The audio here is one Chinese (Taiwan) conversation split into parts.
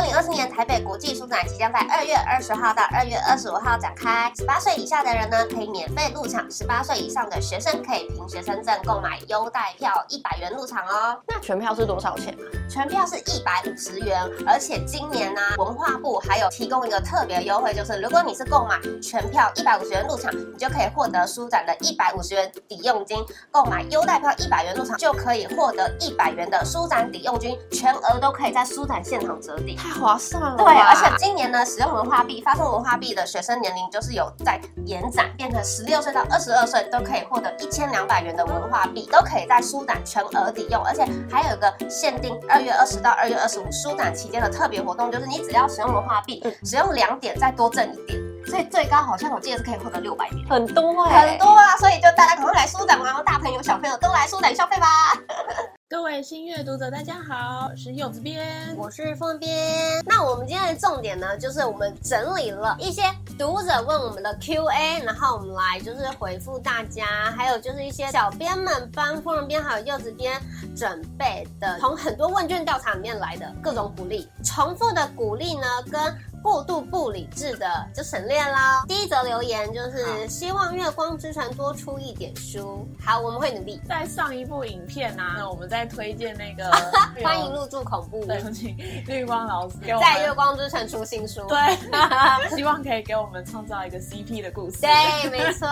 二零二四年台北國際書展即將在二月二十號到二月二十五號展開。十八歲以下的人呢，可以免費入場；十八歲以上的學生可以憑學生證購買優待票，一百元入場哦。那全票是多少錢？全票是一百五十元，而且今年呢、啊，文化部還有提供一個特別優惠，就是如果你是購買全票一百五十元入場，你就可以獲得書展的一百五十元抵用金；購買優待票一百元入場，就可以獲得一百元的書展抵用金，全額都可以在書展現場折抵。太划算了，對，而且今年呢，使用文化幣、發送文化幣的學生年齡就是有在延展，變成十六歲到二十二歲都可以獲得一千兩百元的文化幣，都可以在書展全額抵用，而且還有一個限定二月二十到二月二十五書展期間的特別活動，就是你只要使用文化幣，使用兩點再多掙一點，所以最高好像我記得是可以獲得六百點，很多哎、欸，很多啊，所以就大家趕快來書展玩、啊，大朋友小朋友都來書展消費吧。各位新月讀者，大家好，我是柚子編，我是風人編。那我們今天的重點呢，就是我們整理了一些讀者問我們的 QA，然後我們來就是回復大家，還有就是一些小編們幫風人編還有柚子編準備的，從很多問卷調查裡面來的各種鼓勵，重複的鼓勵呢，跟，過度不理智的就省略啦。第一則留言就是好希望月光之城多出一點書，好，我們會努力。在上一部影片啊，那我們再推薦那個 有 歡迎入住恐怖。對不起，請綠光老師給我們。在月光之城出新書，對， 希望可以給我們創造一個 CP 的故事。對，沒錯。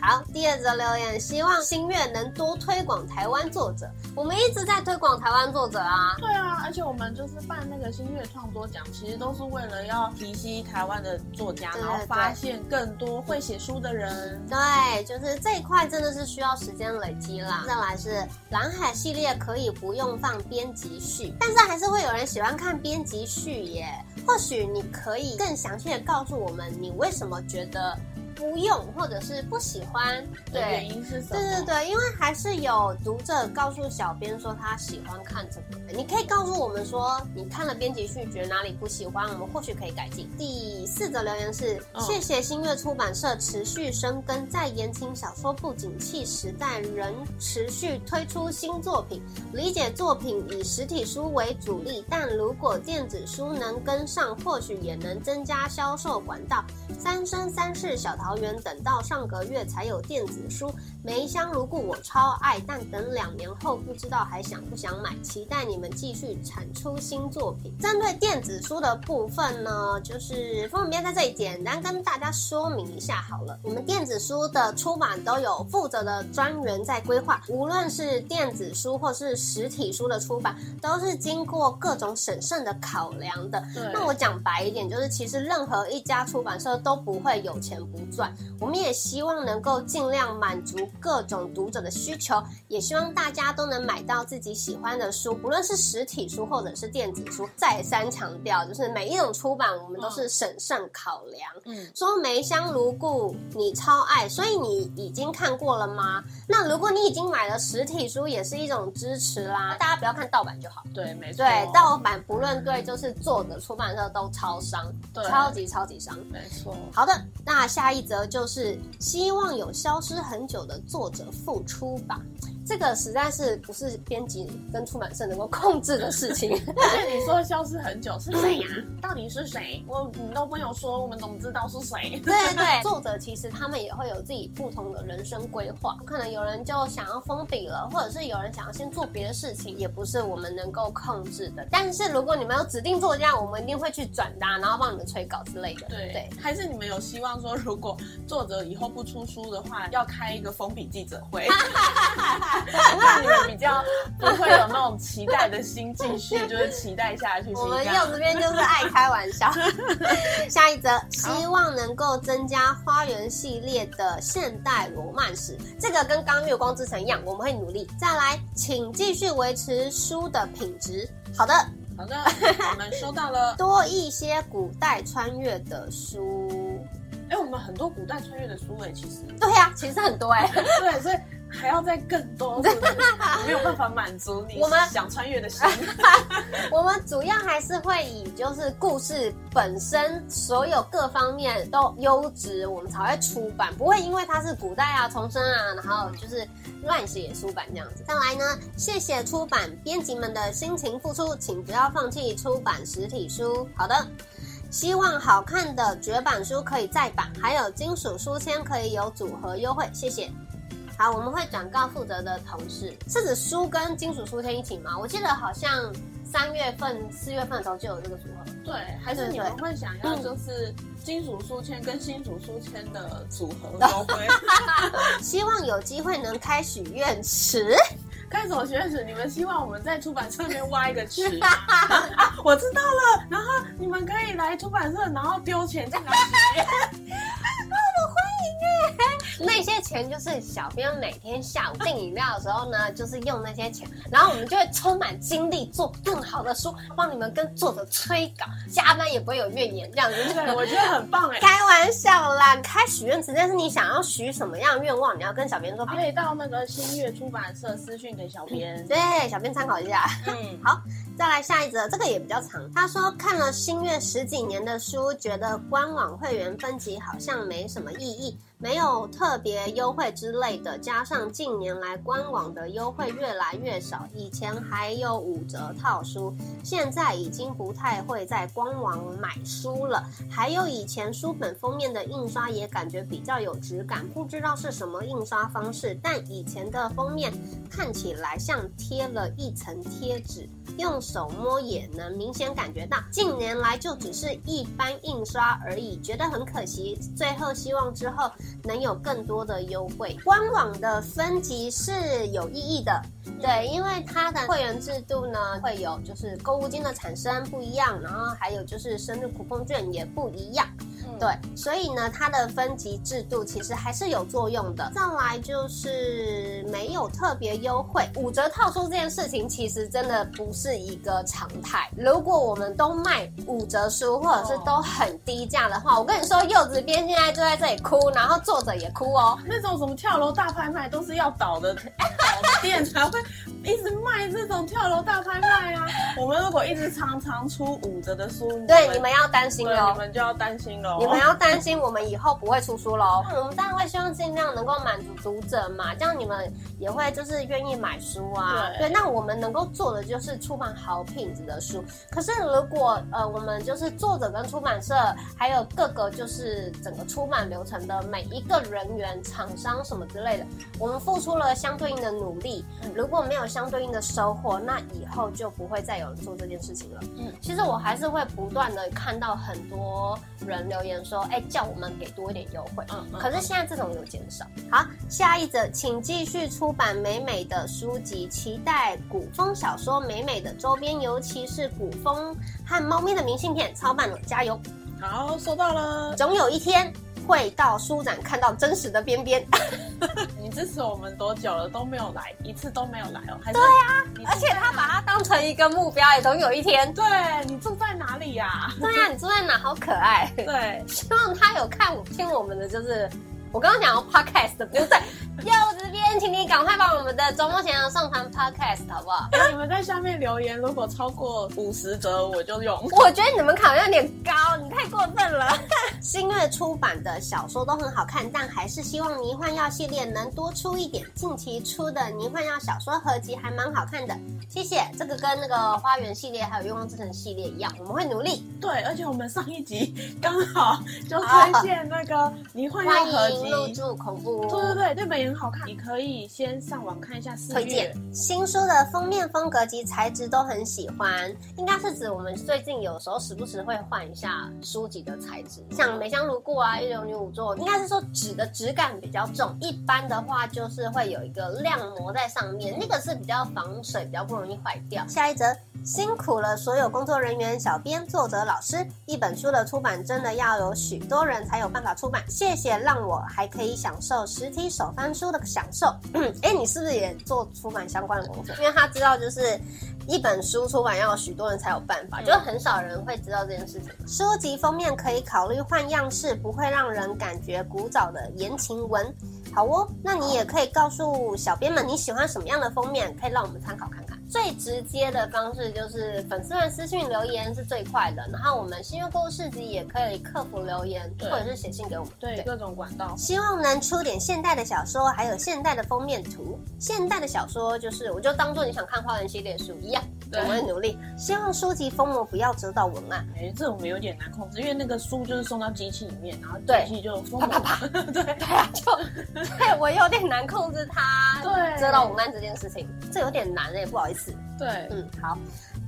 好，第二則留言，希望新月能多推廣台灣作者，我們一直在推廣台灣作者啊。對啊，而且我們就是辦那個新月創作獎，其實都是為了要。提攜台灣的作家，然後發現更多會寫書的人。對，對。對，就是這一塊真的是需要時間累積啦。再來是藍海系列可以不用放編輯序，但是還是會有人喜歡看編輯序耶。或許你可以更詳細的告訴我們，你為什麼覺得？不用，或者是不喜歡的對對原因是什麼？對對對，因為還是有讀者告訴小編說他喜歡看這個，你可以告訴我們說，你看了編輯序覺得哪裡不喜歡，我們或許可以改進。第四則留言是：哦、謝謝新月出版社持續深耕，在言情小說不景氣時代仍持續推出新作品。理解作品以實體書為主力，但如果電子書能跟上，或許也能增加銷售管道。三生三世小桃。等到上個月才有電子書。梅香如故，我超愛，但等兩年後不知道還想不想買。期待你們繼續產出新作品。針對電子書的部分呢，就是風人編在這裡簡單跟大家說明一下好了。我們電子書的出版都有負責的專員在規劃，無論是電子書或是實體書的出版，都是經過各種審慎的考量的。對那我講白一點，就是其實任何一家出版社都不會有錢不賺，我們也希望能夠盡量滿足。各種讀者的需求，也希望大家都能買到自己喜歡的書，不論是實體書或者是電子書。再三強調，就是每一種出版我們都是審慎考量。嗯，說梅香如故，你超愛，所以你已經看過了嗎？那如果你已經買了實體書，也是一種支持啦。大家不要看盜版就好。對，沒錯。對，盜版不論對就是作者、出版社都超傷，對，超級超級傷。沒錯。好的，那下一則就是希望有消失很久的。作者付出吧。這個實在是不是編輯跟出版社能夠控制的事情。那 你說消失很久是誰呀、啊？到底是誰？我你都沒有說，我們怎麼知道是誰？對對， 作者其實他們也會有自己不同的人生規劃，可能有人就想要封筆了，或者是有人想要先做別的事情，也不是我們能夠控制的。但是如果你們有指定作家，我們一定會去轉達，然後幫你們催稿之類的。對對，對，還是你們有希望說，如果作者以後不出書的話，要開一個封筆記者會。 你們比較不會有那種期待的心繼，繼續 就是期待下去這我們柚子編就是愛開玩笑。 下一則，好希望能夠增加花園系列的現代羅曼史，這個跟剛月光之城一樣，我們會努力再來，請繼續維持書的品質。好的，好的，我們收到了，多一些古代穿越的書。哎、欸，我們很多古代穿越的書哎、欸，其實對呀、啊，其實很多哎、欸， 對，所以。還要再更多，是是 沒有辦法滿足你，我們想穿越的心。 我們主要還是會以就是故事本身所有各方面都優質，我們才會出版，不會因為它是古代啊、重生啊，然後就是亂寫書版這樣子。再來呢，謝謝出版編輯們的辛勤付出，請不要放棄出版實體書。好的，希望好看的絕版書可以再版，還有金屬書籤可以有組合優惠，謝謝。啊，我們會轉告負責的同事，是指書跟金屬書籤一起嗎？我記得好像三月份、四月份的時候就有這個組合。對，還是你們會想要就是金屬書籤跟新屬書籤的組合？希望有機會能開許願池，開什麼許願池？你們希望我們在出版社裡面挖一個池、 啊啊，我知道了，然後你們可以來出版社，然後丟錢進來。那些錢就是小編每天下午訂飲料的時候呢， 就是用那些錢，然後我們就會充滿精力，做更好的書，幫你們跟作者催稿，加班也不會有怨言，這樣子，對，我覺得很棒哎、欸！開玩笑啦，開許願池，但是你想要許什麼樣的願望，你要跟小編說，可以到那個新月出版社私訊給小編， 對，小編參考一下，嗯， 好。再來下一則，這個也比較長。他說看了新月十幾年的書，覺得官網會員分級好像沒什麼意義，沒有特別優惠之類的。加上近年來官網的優惠越來越少，以前還有五折套書，現在已經不太會在官網買書了。還有以前書本封面的印刷也感覺比較有質感，不知道是什麼印刷方式，但以前的封面看起來像貼了一層貼紙，用手摸也能明顯感覺到，近年來就只是一般印刷而已，覺得很可惜。最後希望之後能有更多的優惠。官網的分級是有意義的，對，因為它的會員制度呢，會有就是購物金的產生不一樣，然後還有就是生日酷碰券也不一樣。對，所以呢，它的分級制度其實還是有作用的。再來就是沒有特別優惠，五折套書這件事情其實真的不是一個常態。如果我們都賣五折書，或者是都很低價的話，哦、我跟你說，柚子編現在就在這裡哭，然後作者也哭哦。那種什麼跳樓大拍賣都是要倒的倒，倒的店才會。一直賣這種跳樓大拍賣啊！ 我們如果一直常常出五折的，的書，對 你，你們要擔心嘍，你們就要擔心嘍， 你們要擔心我們以後不會出書嘍。 那我們當然會希望儘量能夠滿足讀者嘛，這樣你們也會就是願意買書啊。對，對，那我們能夠做的就是出版好品質的書。可是如果呃，我們就是作者跟出版社，還有各個就是整個出版流程的每一個人員、廠商什麼之類的，我們付出了相對應的努力，嗯、如果沒有。相對應的收穫，那以後就不會再有人做這件事情了。嗯，其實我還是會不斷的看到很多人留言說：“哎、欸，叫我們給多一點優惠。嗯嗯嗯”嗯，可是現在這種有減少。好，下一則，請繼續出版美美的書籍，期待古風小說美美的周邊，尤其是古風和貓咪的明信片，超棒的，加油！好，收到了。總有一天。會到書展看到真實的邊邊。 你支持我們多久了？都沒有來一次，都沒有來哦、喔。還是對啊，而且他把它當成一個目標，也總有一天。對，你住在哪裡呀、啊？對呀、啊，你住在哪？好可愛。對，希望他有看聽我們的，就是我剛剛講的 podcast。不是要。請你趕快把我們的周末前要上傳 Podcast 好不好？你們在下面留言，如果超過五十則我就用。我覺得你們考量有點高，你太過分了。 新月出版的小說都很好看，但還是希望《迷幻藥》系列能多出一點。近期出的《迷幻藥》小說合集還蠻好看的。謝謝，這個跟那個花園系列還有願望之城系列一樣，我們會努力。對，而且我們上一集剛好就出現那個《迷幻藥，藥》合集，哦、入住恐怖屋。對對對，對本也好看，你可以。可以先上網看一下，推薦新書的封面風格及材質都很喜歡，應該是指我們最近有時候時不時會換一下書籍的材質，像《梅香如故》啊，《一流女五座》應該是說紙的質感比較重，一般的話就是會有一個亮膜在上面，那個是比較防水，比較不容易壞掉。下一則。辛苦了，所有工作人員、小編、作者、老師。一本書的出版真的要有許多人才有辦法出版。謝謝，讓我還可以享受實體手翻書的享受。哎，欸，你是不是也做出版相關的工作？因為他知道，就是一本書出版要有許多人才有辦法，就很少人會知道這件事情。嗯。書籍封面可以考慮換樣式，不會讓人感覺古早的言情文。好哦，那你也可以告訴小編們你喜歡什麼樣的封面，可以讓我們參考看看。最直接的方式就是粉絲們私信留言是最快的，然後我們新月購物市集也可以客服留言對或者是寫信給我們，對，對各種管道。希望能出點現代的小說，還有現代的封面圖。現代的小說就是，我就當做你想看花園系列書一樣，對，我會努力。希望書籍封膜不要遮到文案。哎、欸，這我們有點難控制，因為那個書就是送到機器裡面，然後機器就封對啪啪啪， 對對啊，就 對我有點難控制它，對，對遮到文案這件事情，這有點難誒，也不好意思。對，嗯，好，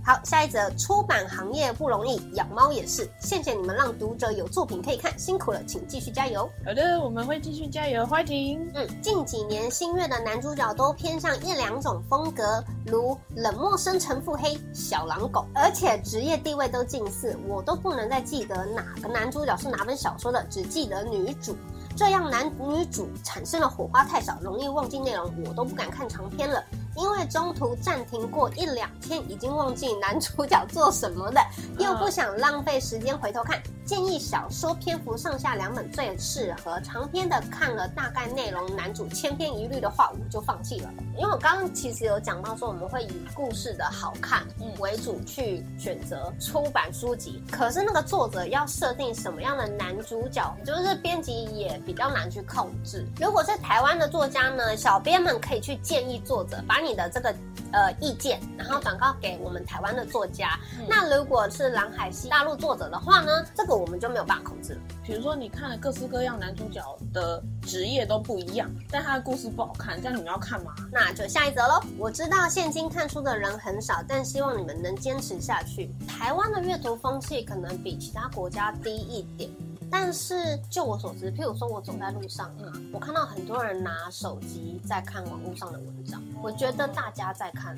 好，下一則。出版行業不容易，養貓也是，謝謝你們讓讀者有作品可以看，辛苦了，請繼續加油。好的，我們會繼續加油，歡迎。嗯，近幾年新月的男主角都偏向一兩種風格，如冷漠深沉腹黑小狼狗，而且職業地位都近似，我都不能再記得哪個男主角是哪本小說的，只記得女主，這樣男女主產生了火花太少，容易忘記內容，我都不敢看長篇了。因為中途暫停過一兩天，已經忘記男主角做什麼了，又不想浪費時間回頭看。建議小說篇幅上下兩本最適合，長篇的看了大概內容，男主千篇一律的話我就放棄了，因為我剛剛其實有講到說我們會以故事的好看為主去選擇出版書籍，可是那個作者要設定什麼樣的男主角，就是編輯也比較難去控制。如果是台灣的作家呢，小編們可以去建議作者把你的這個呃意見，然後轉告給我們台灣的作家。那如果是藍海系大陸作者的話呢，這個。我們就沒有辦法控制了。比如說，你看了各式各樣男主角的職業都不一樣，但他的故事不好看，這樣你們要看嗎？那就下一則嘍。我知道現今看書的人很少，但希望你們能堅持下去。台灣的閱讀風氣可能比其他國家低一點，但是就我所知，譬如說我走在路上啊，我看到很多人拿手機在看網絡上的文章，我覺得大家在看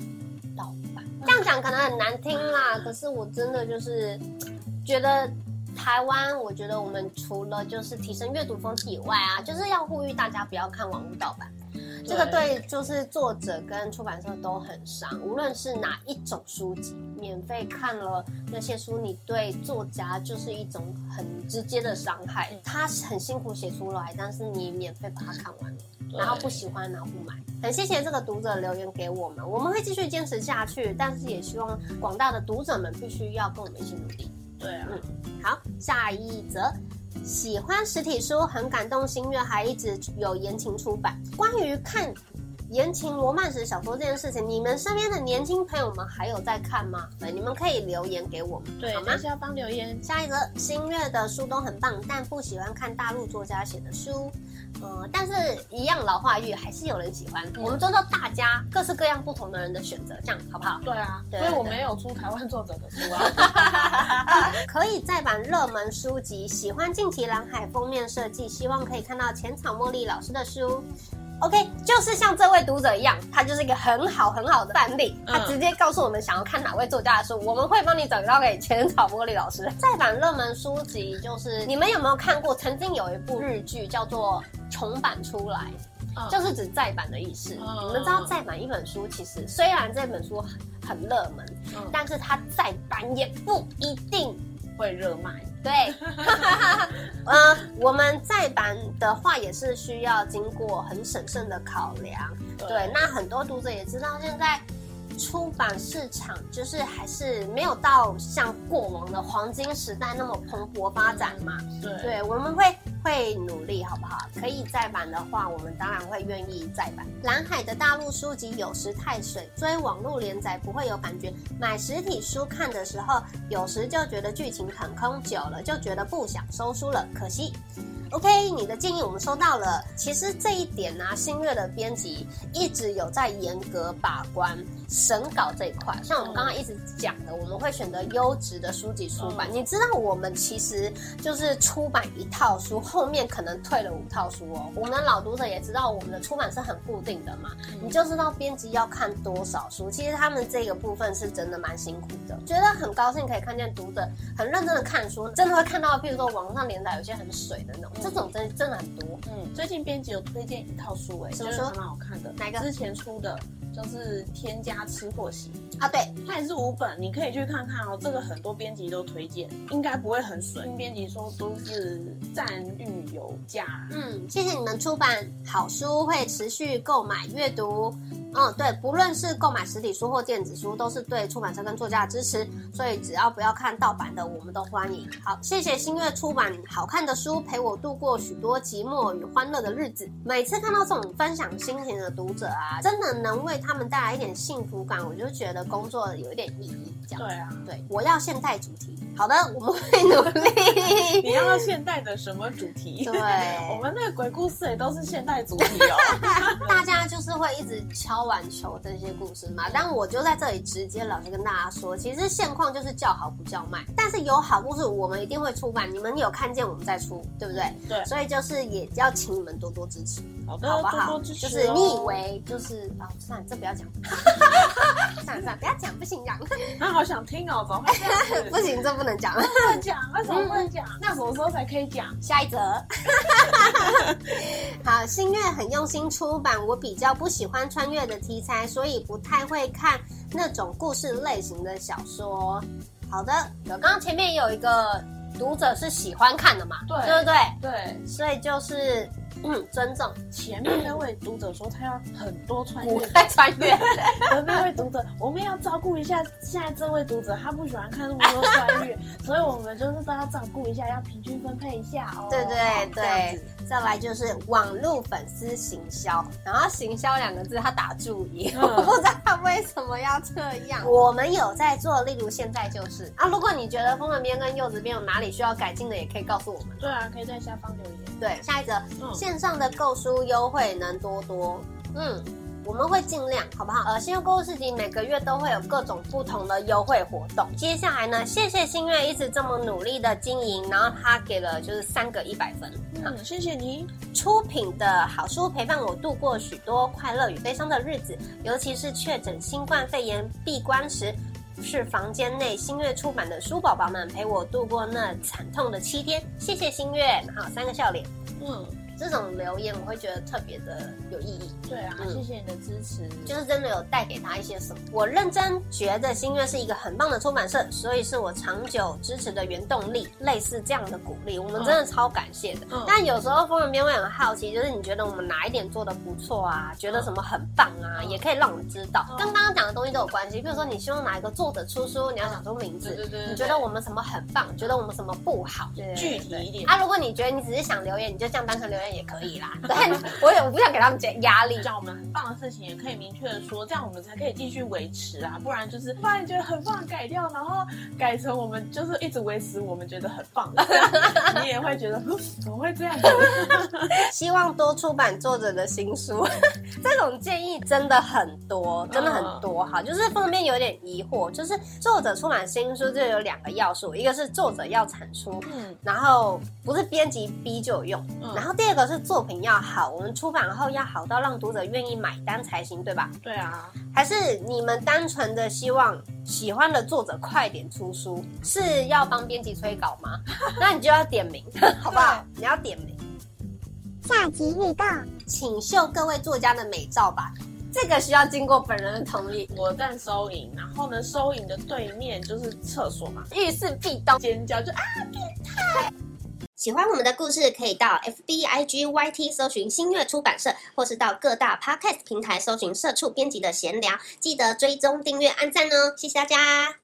盜版。嗯、這樣講可能很難聽啦，嗯、可是我真的就是覺得。台灣，我覺得我們除了就是提升閱讀風氣以外啊，就是要呼籲大家不要看網絡盜版，這個對就是作者跟出版社都很傷。無論是哪一種書籍，免費看了那些書，你對作家就是一種很直接的傷害。他很辛苦寫出來，但是你免費把它看完了，然後不喜歡，然後不買。很謝謝這個讀者留言給我們，我們會繼續堅持下去，但是也希望廣大的讀者們必須要跟我們一起努力。對啊，嗯，好，下一則，喜歡實體書，很感動，新月還一直有言情出版。關於看言情、羅曼史小說這件事情，你們身邊的年輕朋友們還有在看嗎？對，你們可以留言給我們，對好嗎？需要幫留言。下一則，新月的書都很棒，但不喜歡看大陸作家寫的書。嗯，但是一樣老化玉還是有人喜歡。嗯、我們做到大家各式各樣不同的人的選擇，這樣好不好？對啊，對對對，所以我沒有出台灣作者的書。可以再版熱門書籍，喜歡近期藍海封面設計，希望可以看到淺草茉莉老師的書。OK，就是像這位讀者一樣，他就是一個很好很好的範例。他直接告訴我們想要看哪位作家的書，嗯、我們會幫你轉告給淺草茉莉老師。再 版熱門書籍，就是你們有沒有看過？曾經有一部日劇叫做。重版出來，嗯、就是指再版的意思。哦、你們知道，再版一本書，其實雖然這本書很很熱門，嗯、但是它再版也不一定會熱賣。對，嗯、 呃，我們再版的話也是需要經過很審慎的考量。對，對，那很多讀者也知道，現在。出版市場就是還是沒有到像過往的黃金時代那麼蓬勃發展嘛是？對，我們會會努力，好不好？可以再版的話，我們當然會願意再版。藍海的大陸書籍有時太水，追網絡連載不會有感覺。買實體書看的時候，有時就覺得劇情很空，久了就覺得不想收書了，可惜。OK，你的建議我們收到了。其實這一點呢、啊，新月的編輯一直有在嚴格把關審稿這一塊。像我們剛剛一直講的，嗯、我們會選擇優質的書籍出版。嗯、你知道，我們其實就是出版一套書，後面可能退了五套書哦。我們的老讀者也知道，我們的出版是很固定的嘛。嗯、你就知道編輯要看多少書，其實他們這個部分是真的蠻辛苦的。覺得很高興可以看見讀者很認真的看書，真的會看到，比如說網上連載有些很水的那種。嗯、這種真真的很多，嗯，最近編輯有推薦一套書誒、欸，就是很好看的，哪個？之前出的，就是《添加吃貨型》啊，對，它也是五本，你可以去看看哦。這個很多編輯都推薦，應該不會很損。編輯說都是讚譽有加，嗯，謝謝你們出版好書，會持續購買閱讀。嗯，對，不論是購買實體書或電子書，都是對出版社跟作家的支持，所以只要不要看盜版的，我們都歡迎。好，謝謝新月出版好看的書陪我度過許多寂寞與歡樂的日子。每次看到這種分享心情的讀者啊，真的能為他們帶來一點幸福感，我就覺得工作有一點意義。這樣對啊，對，我要現代主題。好的，我們會努力。 你要現代的什麼主題？對， 我們那個鬼故事也都是現代主題哦。 大家就是會一直敲。高玩球這些故事嘛，但我就在這裡直接老實跟大家說，其實現況就是叫好不叫賣，但是有好故事我們一定會出版，你們有看見我們在出，對不對？對，所以就是也要請你們多多支持，好，的好不好多，多支持，哦。就是你以為就是哦，算了，這不要講， 算了算了不要講，不行講，我好想聽哦，怎麼會不行，這不能講， 不，不能講， 為什麼不能講？ 那什麼時候才可以講？下一則。 新月很用心出版，我比較不喜歡穿越的題材，所以不太會看那種故事類型的小說。好的，有，剛剛前面有一個讀者是喜歡看的嘛？對，對不對？對，所以就是。嗯，尊重前面那位讀者說他要很多穿越，再穿越。 那位讀者，我們要照顧一下現在這位讀者，他不喜歡看那麼多穿越， 所以我們就是都要照顧一下，要平均分配一下哦。對對對，再來就是網絡粉絲行銷，然後“行銷”兩個字他打注意，嗯為什麼要這樣？我們有在做，例如現在就是啊。如果你覺得風人編跟柚子編有哪裡需要改進的，也可以告訴我們。對啊，可以在下方留言。對，下一則、嗯、線上的購書優惠能多多。嗯。我們會盡量，好不好？呃，新月購物市集每個月都會有各種不同的優惠活動。接下來呢，謝謝新月一直這麼努力的經營，然後他給了就是三個一百分。嗯，好謝謝你。出品的好書陪伴我度過許多快樂與悲傷的日子，尤其是確診新冠肺炎閉關時，是房間內新月出版的書寶寶們陪我度過那慘痛的七天。謝謝新月，然後三個笑臉。嗯。這種留言我會覺得特別的有意義。對啊，謝謝你的支持，就是真的有帶給他一些什麼。我認真覺得新月是一個很棒的出版社，所以是我長久支持的原動力。類似這樣的鼓勵，我們真的超感謝的。但有時候風人編會很好奇，就是你覺得我們哪一點做得不錯啊？覺得什麼很棒啊？也可以讓我們知道，跟剛剛講的東西都有關係。比如說你希望哪一個作者出書，你要想出名字。對對。你覺得我們什麼很棒？覺得我們什麼不好？具體一點。啊，如果你覺得你只是想留言，你就這樣單純留言。也可以啦，但我也我不想給他們減壓力。講我們很棒的事情，也可以明確的說，這樣我們才可以繼續維持啊，不然就是突然覺得很棒，改掉，然後改成我們就是一直維持我們覺得很棒的， 你也會覺得怎麼會這樣？ 希望多出版作者的新書，這種建議真的很多，真的很多好。就是封面有點疑惑，就是作者出版新書就有兩個要素，一個是作者要產出，嗯，然後不是編輯逼就有用，嗯、然後第二個。可是作品要好，我們出版後要好到讓讀者願意買單才行，對吧？對啊。還是你們單純的希望喜歡的作者快點出書，是要幫編輯催稿嗎？ 那你就要點名， 好不好？對你要點名。下集預告，請秀各位作家的美照吧。這個需要經過本人的同意。我在收銀，然後呢，收銀的對面就是廁所嘛，浴室壁咚尖叫就啊，變態。喜歡我們的故事，可以到 FB IG YT 搜尋新月出版社，或是到各大 Podcast 平台搜尋社畜編輯的閒聊。記得追蹤、訂閱、按讚哦！謝謝大家。